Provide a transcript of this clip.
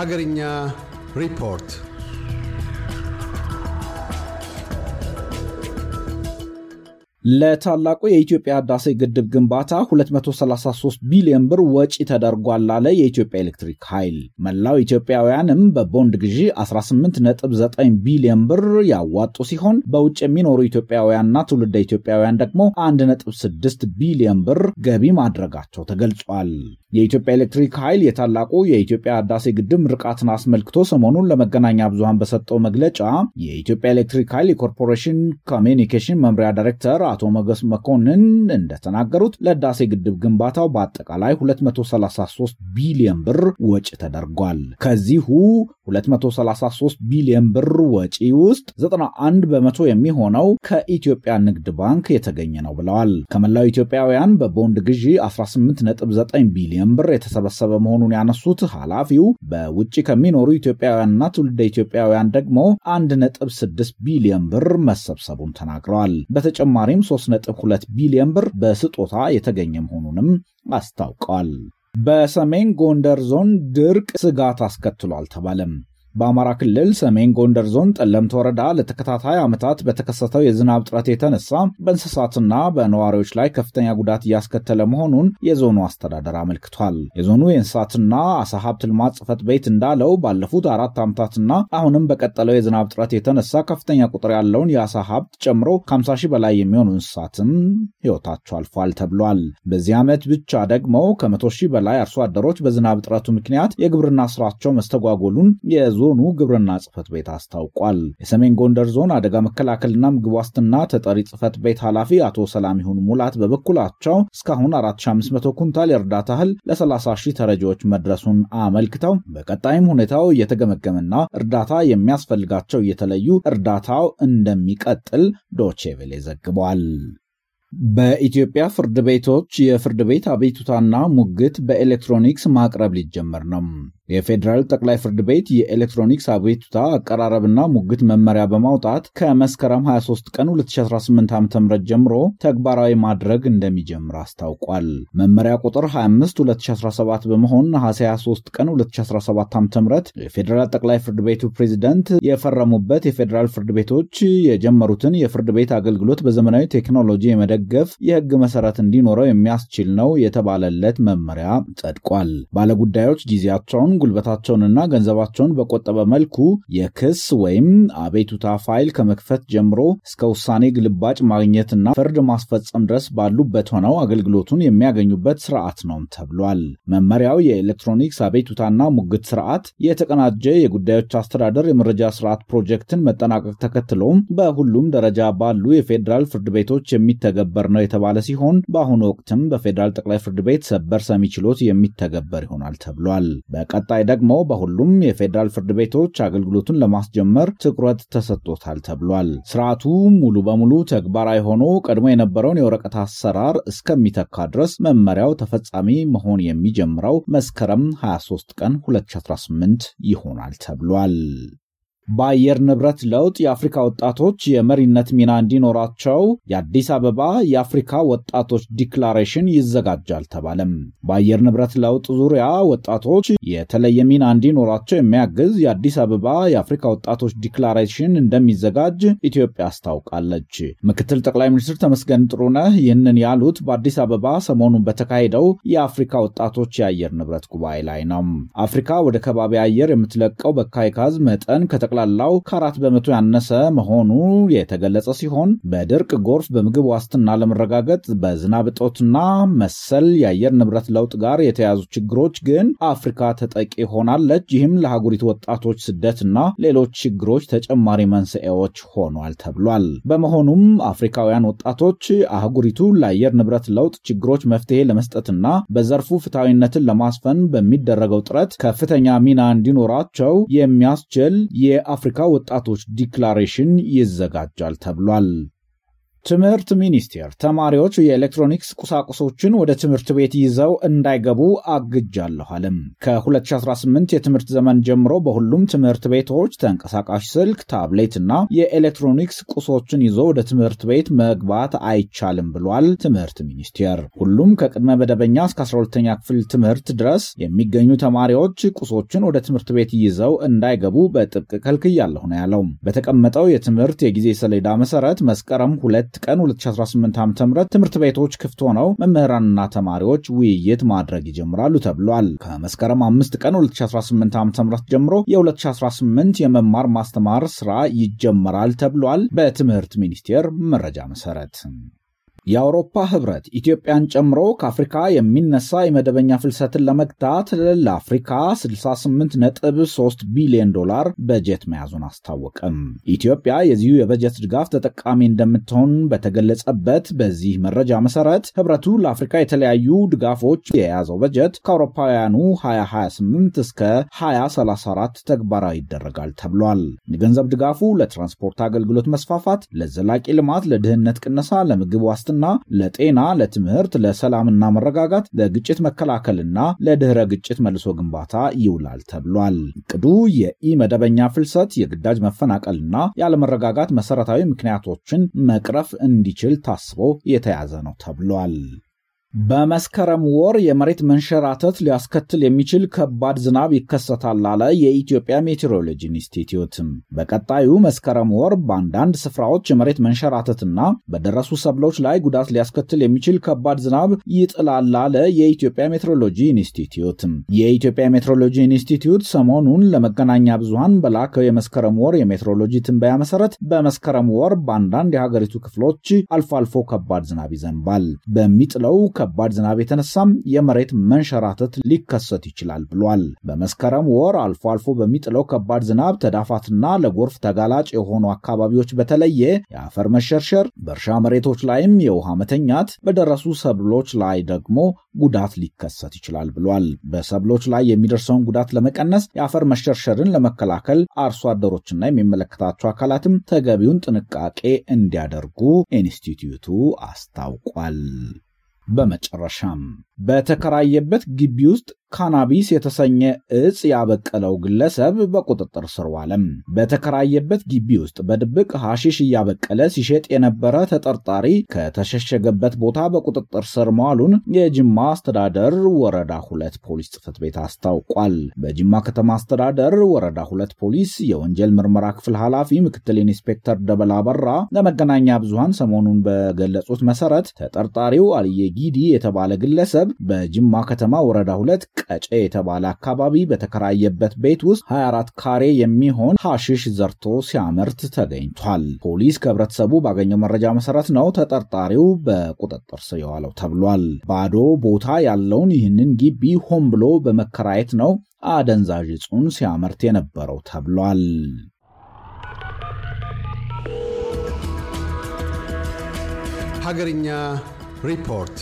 ሀገርኛ ሪፖርት ለታላቁ የኢትዮጵያ ህዳሴ ግድብ ግንባታ 233 ቢሊዮን ብር ወጪ ተደርጓል አለ የኢትዮጵያ ኤሌክትሪክ ኃይል። መላው ኢትዮጵያውያንም በቦንድ ግዢ 189 ቢሊዮን ብር ያዋጡ ሲሆን በውጭ የሚኖሩ ኢትዮጵያውያንና ትውልደ ኢትዮጵያውያን ደግሞ 1.6 ቢሊዮን ብር ገቢ ማድረጋቸው ተገልጿል። የኢትዮጵያ ኤሌክትሪክ ኃይል የታላቁ የኢትዮጵያ ህዳሴ ግድብ ምርቃትን አስመልክቶ ሰሞኑን ለመገናኛ ብዙሃን በሰጠው መግለጫ የኢትዮጵያ ኤሌክትሪክ ኃይል የኮርፖሬሽን ኮሚኒኬሽን መምሪያ ዳይሬክተር አቶ መገስ መኮንን እንደተናገሩት ለህዳሴ ግድብ ግንባታው በአጠቃላይ 233 ቢሊዮን ብር ወጪ ተደርጓል። ከዚሁ 233 ቢሊዮን ብር ወጪ ውስጥ 91 በመቶ የሚሆነው ከኢትዮጵያ ንግድ ባንክ የተገኘ ነው ብለዋል። ከመላው ኢትዮጵያውያን በቦንድ ግዢ 18.9 ቢሊዮን ቢሊዮን ብር የተሰበሰበ መሆኑን ያነሱት ኃላፊው በውጭ ከሚኖሩ ኢትዮጵያውያንና ትውልደ ኢትዮጵያውያን ደግሞ 1.6 ቢሊዮን ብር መሰብሰቡን ተናግረዋል። በተጨማሪም 3.2 ቢሊዮን ብር በስጦታ የተገኘ መሆኑንም አስታውቀዋል። በሰሜን ጎንደር ዞን ድርቅ ስጋት አስከትሏል ተባለም። በአማራ ክልል ሰሜን ጎንደር ዞን ጠለምት ወረዳ ለተከታታይ ዓመታት በተከሰተው የዝናብ ጥረት የተነሳ በእንስሳትና በነዋሪዎች ላይ ከፍተኛ ጉዳት እያስከተለ መሆኑን የዞኑ አስተዳደር አመልክቷል። የዞኑ የእንስሳትና አሳ ሀብት ልማት ጽሕፈት ቤት እንዳለው ባለፉት አራት ዓመታትና አሁንም በቀጠለው የዝናብ ጥረት የተነሳ ከፍተኛ ቁጥር ያለውን የአሳ ሀብት ጨምሮ ከ50 ሺህ በላይ የሚሆኑ እንስሳትም ሕይወታቸው አልፏል ተብሏል። በዚህ ዓመት ብቻ ደግሞ ከ100 ሺህ በላይ አርሶ አደሮች በዝናብ ጥረቱ ምክንያት የግብርና ስራቸው መስተጓጎሉን የዞ የዞኑ ግብርና ጽህፈት ቤት አስታውቋል። የሰሜን ጎንደር ዞን አደጋ መከላከልና ምግብ ዋስትና ተጠሪ ጽህፈት ቤት ኃላፊ አቶ ሰላሚሁን ሙላት በበኩላቸው እስካሁን 4500 ኩንታል የእርዳታ እህል ለ30 ሺህ ተረጂዎች መድረሱን አመልክተው በቀጣይም ሁኔታው እየተገመገመና እርዳታ የሚያስፈልጋቸው እየተለዩ እርዳታው እንደሚቀጥል ዶቼቬሌ ዘግቧል። በኢትዮጵያ ፍርድ ቤቶች የፍርድ ቤት አቤቱታና ሙግት በኤሌክትሮኒክስ ማቅረብ ሊጀመር ነው። የፌዴራል ጠቅላይ ፍርድ ቤት የኤሌክትሮኒክስ አቤቱታ አቀራረብና ሙግት መመሪያ በማውጣት ከመስከረም 23 ቀን 2018 ዓ ም ጀምሮ ተግባራዊ ማድረግ እንደሚጀምር አስታውቋል። መመሪያ ቁጥር 25 2017 በመሆን ነሐሴ 23 ቀን 2017 ዓ ም የፌዴራል ጠቅላይ ፍርድ ቤቱ ፕሬዝደንት የፈረሙበት የፌዴራል ፍርድ ቤቶች የጀመሩትን የፍርድ ቤት አገልግሎት በዘመናዊ ቴክኖሎጂ የመደገፍ የህግ መሰረት እንዲኖረው የሚያስችል ነው የተባለለት መመሪያ ጸድቋል። ባለጉዳዮች ጊዜያቸውን ጉልበታቸውንና ገንዘባቸውን በቆጠበ መልኩ የክስ ወይም አቤቱታ ፋይል ከመክፈት ጀምሮ እስከ ውሳኔ ግልባጭ ማግኘትና ፍርድ ማስፈጸም ድረስ ባሉበት ሆነው አገልግሎቱን የሚያገኙበት ስርዓት ነው ተብሏል። መመሪያው የኤሌክትሮኒክስ አቤቱታና ሙግት ስርዓት የተቀናጀ የጉዳዮች አስተዳደር የመረጃ ስርዓት ፕሮጀክትን መጠናቀቅ ተከትሎም በሁሉም ደረጃ ባሉ የፌዴራል ፍርድ ቤቶች የሚተገበር ነው የተባለ ሲሆን በአሁኑ ወቅትም በፌዴራል ጠቅላይ ፍርድ ቤት ሰበር ሰሚ ችሎት የሚተገበር ይሆናል ተብሏል። በቀጣይ ደግሞ በሁሉም የፌዴራል ፍርድ ቤቶች አገልግሎቱን ለማስጀመር ትኩረት ተሰጥቶታል ተብሏል። ስርዓቱ ሙሉ በሙሉ ተግባራዊ ሆኖ ቀድሞ የነበረውን የወረቀት አሰራር እስከሚተካ ድረስ መመሪያው ተፈጻሚ መሆን የሚጀምረው መስከረም 23 ቀን 2018 ይሆናል ተብሏል። በአየር ንብረት ለውጥ የአፍሪካ ወጣቶች የመሪነት ሚና እንዲኖራቸው የአዲስ አበባ የአፍሪካ ወጣቶች ዲክላሬሽን ይዘጋጃል ተባለም። በአየር ንብረት ለውጥ ዙሪያ ወጣቶች የተለየ ሚና እንዲኖራቸው የሚያግዝ የአዲስ አበባ የአፍሪካ ወጣቶች ዲክላሬሽን እንደሚዘጋጅ ኢትዮጵያ አስታውቃለች። ምክትል ጠቅላይ ሚኒስትር ተመስገን ጥሩነህ ይህንን ያሉት በአዲስ አበባ ሰሞኑን በተካሄደው የአፍሪካ ወጣቶች የአየር ንብረት ጉባኤ ላይ ነው። አፍሪካ ወደ ከባቢ አየር የምትለቀው በካይ ጋዝ መጠን ከጠቅላ በጠቅላላው ከአራት በመቶ ያነሰ መሆኑ የተገለጸ ሲሆን በድርቅ ጎርፍ፣ በምግብ ዋስትና ለመረጋገጥ፣ በዝናብ እጦትና መሰል የአየር ንብረት ለውጥ ጋር የተያዙ ችግሮች ግን አፍሪካ ተጠቂ ሆናለች። ይህም ለሀገሪቱ ወጣቶች ስደትና ሌሎች ችግሮች ተጨማሪ መንስኤዎች ሆኗል ተብሏል። በመሆኑም አፍሪካውያን ወጣቶች አህጉሪቱ ለአየር ንብረት ለውጥ ችግሮች መፍትሄ ለመስጠትና በዘርፉ ፍትሐዊነትን ለማስፈን በሚደረገው ጥረት ከፍተኛ ሚና እንዲኖራቸው የሚያስችል የ የአፍሪካ ወጣቶች ዲክላሬሽን ይዘጋጃል ተብሏል። ትምህርት ሚኒስቴር ተማሪዎች የኤሌክትሮኒክስ ቁሳቁሶችን ወደ ትምህርት ቤት ይዘው እንዳይገቡ አግጃለሁ አለም። ከ2018 የትምህርት ዘመን ጀምሮ በሁሉም ትምህርት ቤቶች ተንቀሳቃሽ ስልክ፣ ታብሌት እና የኤሌክትሮኒክስ ቁሶችን ይዞ ወደ ትምህርት ቤት መግባት አይቻልም ብሏል ትምህርት ሚኒስቴር። ሁሉም ከቅድመ መደበኛ እስከ 12ኛ ክፍል ትምህርት ድረስ የሚገኙ ተማሪዎች ቁሶችን ወደ ትምህርት ቤት ይዘው እንዳይገቡ በጥብቅ ከልክያለሁ ነው ያለው። በተቀመጠው የትምህርት የጊዜ ሰሌዳ መሰረት መስከረም ሁለት 22 ቀን 2018 ዓ.ም ትምህርት ቤቶች ክፍት ሆነው መምህራንና ተማሪዎች ውይይት ማድረግ ይጀምራሉ ተብሏል። ከመስከረም 5 ቀን 2018 ዓ.ም ጀምሮ የ2018 የመማር ማስተማር ስራ ይጀመራል ተብሏል። በትምህርት ሚኒስቴር መረጃ መሰረት የአውሮፓ ህብረት ኢትዮጵያን ጨምሮ ከአፍሪካ የሚነሳ የመደበኛ ፍልሰትን ለመግታት ለአፍሪካ 68.3 ቢሊዮን ዶላር በጀት መያዙን አስታወቀም። ኢትዮጵያ የዚሁ የበጀት ድጋፍ ተጠቃሚ እንደምትሆን በተገለጸበት በዚህ መረጃ መሰረት ህብረቱ ለአፍሪካ የተለያዩ ድጋፎች የያዘው በጀት ከአውሮፓውያኑ 2028 እስከ 2034 ተግባራዊ ይደረጋል ተብሏል። የገንዘብ ድጋፉ ለትራንስፖርት አገልግሎት መስፋፋት፣ ለዘላቂ ልማት፣ ለድህነት ቅነሳ፣ ለምግብ ዋስትና ለልማትና ለጤና፣ ለትምህርት፣ ለሰላምና መረጋጋት፣ ለግጭት መከላከልና ለድህረ ግጭት መልሶ ግንባታ ይውላል ተብሏል። እቅዱ የኢ መደበኛ ፍልሰት፣ የግዳጅ መፈናቀልና ያለመረጋጋት መሰረታዊ ምክንያቶችን መቅረፍ እንዲችል ታስቦ የተያዘ ነው ተብሏል። በመስከረም ወር የመሬት መንሸራተት ሊያስከትል የሚችል ከባድ ዝናብ ይከሰታል አለ የኢትዮጵያ ሜቴሮሎጂ ኢንስቲትዩትም። በቀጣዩ መስከረም ወር በአንዳንድ ስፍራዎች የመሬት መንሸራተትና በደረሱ ሰብሎች ላይ ጉዳት ሊያስከትል የሚችል ከባድ ዝናብ ይጥላል አለ የኢትዮጵያ ሜትሮሎጂ ኢንስቲትዩትም። የኢትዮጵያ ሜትሮሎጂ ኢንስቲትዩት ሰሞኑን ለመገናኛ ብዙሃን በላከው የመስከረም ወር የሜትሮሎጂ ትንበያ መሰረት በመስከረም ወር በአንዳንድ የሀገሪቱ ክፍሎች አልፎ አልፎ ከባድ ዝናብ ይዘንባል። በሚጥለው ከባድ ዝናብ የተነሳም የመሬት መንሸራተት ሊከሰት ይችላል ብሏል። በመስከረም ወር አልፎ አልፎ በሚጥለው ከባድ ዝናብ ተዳፋትና ለጎርፍ ተጋላጭ የሆኑ አካባቢዎች በተለየ የአፈር መሸርሸር፣ በእርሻ መሬቶች ላይም የውሃ መተኛት፣ በደረሱ ሰብሎች ላይ ደግሞ ጉዳት ሊከሰት ይችላል ብሏል። በሰብሎች ላይ የሚደርሰውን ጉዳት ለመቀነስ የአፈር መሸርሸርን ለመከላከል አርሶ አደሮችና የሚመለከታቸው አካላትም ተገቢውን ጥንቃቄ እንዲያደርጉ ኢንስቲትዩቱ አስታውቋል። በመጨረሻም በተከራየበት ግቢ ውስጥ ካናቢስ የተሰኘ እጽ ያበቀለው ግለሰብ በቁጥጥር ስር ዋለም። በተከራየበት ግቢ ውስጥ በድብቅ ሐሺሽ እያበቀለ ሲሸጥ የነበረ ተጠርጣሪ ከተሸሸገበት ቦታ በቁጥጥር ስር መዋሉን የጅማ አስተዳደር ወረዳ ሁለት ፖሊስ ጽፈት ቤት አስታውቋል። በጅማ ከተማ አስተዳደር ወረዳ ሁለት ፖሊስ የወንጀል ምርመራ ክፍል ኃላፊ ምክትል ኢንስፔክተር ደበላ በራ ለመገናኛ ብዙሃን ሰሞኑን በገለጹት መሰረት ተጠርጣሪው አልየ ጊዲ የተባለ ግለሰብ በጅማ ከተማ ወረዳ ሁለት ቀጨ የተባለ አካባቢ በተከራየበት ቤት ውስጥ 24 ካሬ የሚሆን ሐሽሽ ዘርቶ ሲያመርት ተገኝቷል። ፖሊስ ከህብረተሰቡ ባገኘው መረጃ መሰረት ነው ተጠርጣሪው በቁጥጥር ስር የዋለው ተብሏል። ባዶ ቦታ ያለውን ይህንን ግቢ ሆን ብሎ በመከራየት ነው አደንዛዥ እጹን ሲያመርት የነበረው ተብሏል። ሀገርኛ ሪፖርት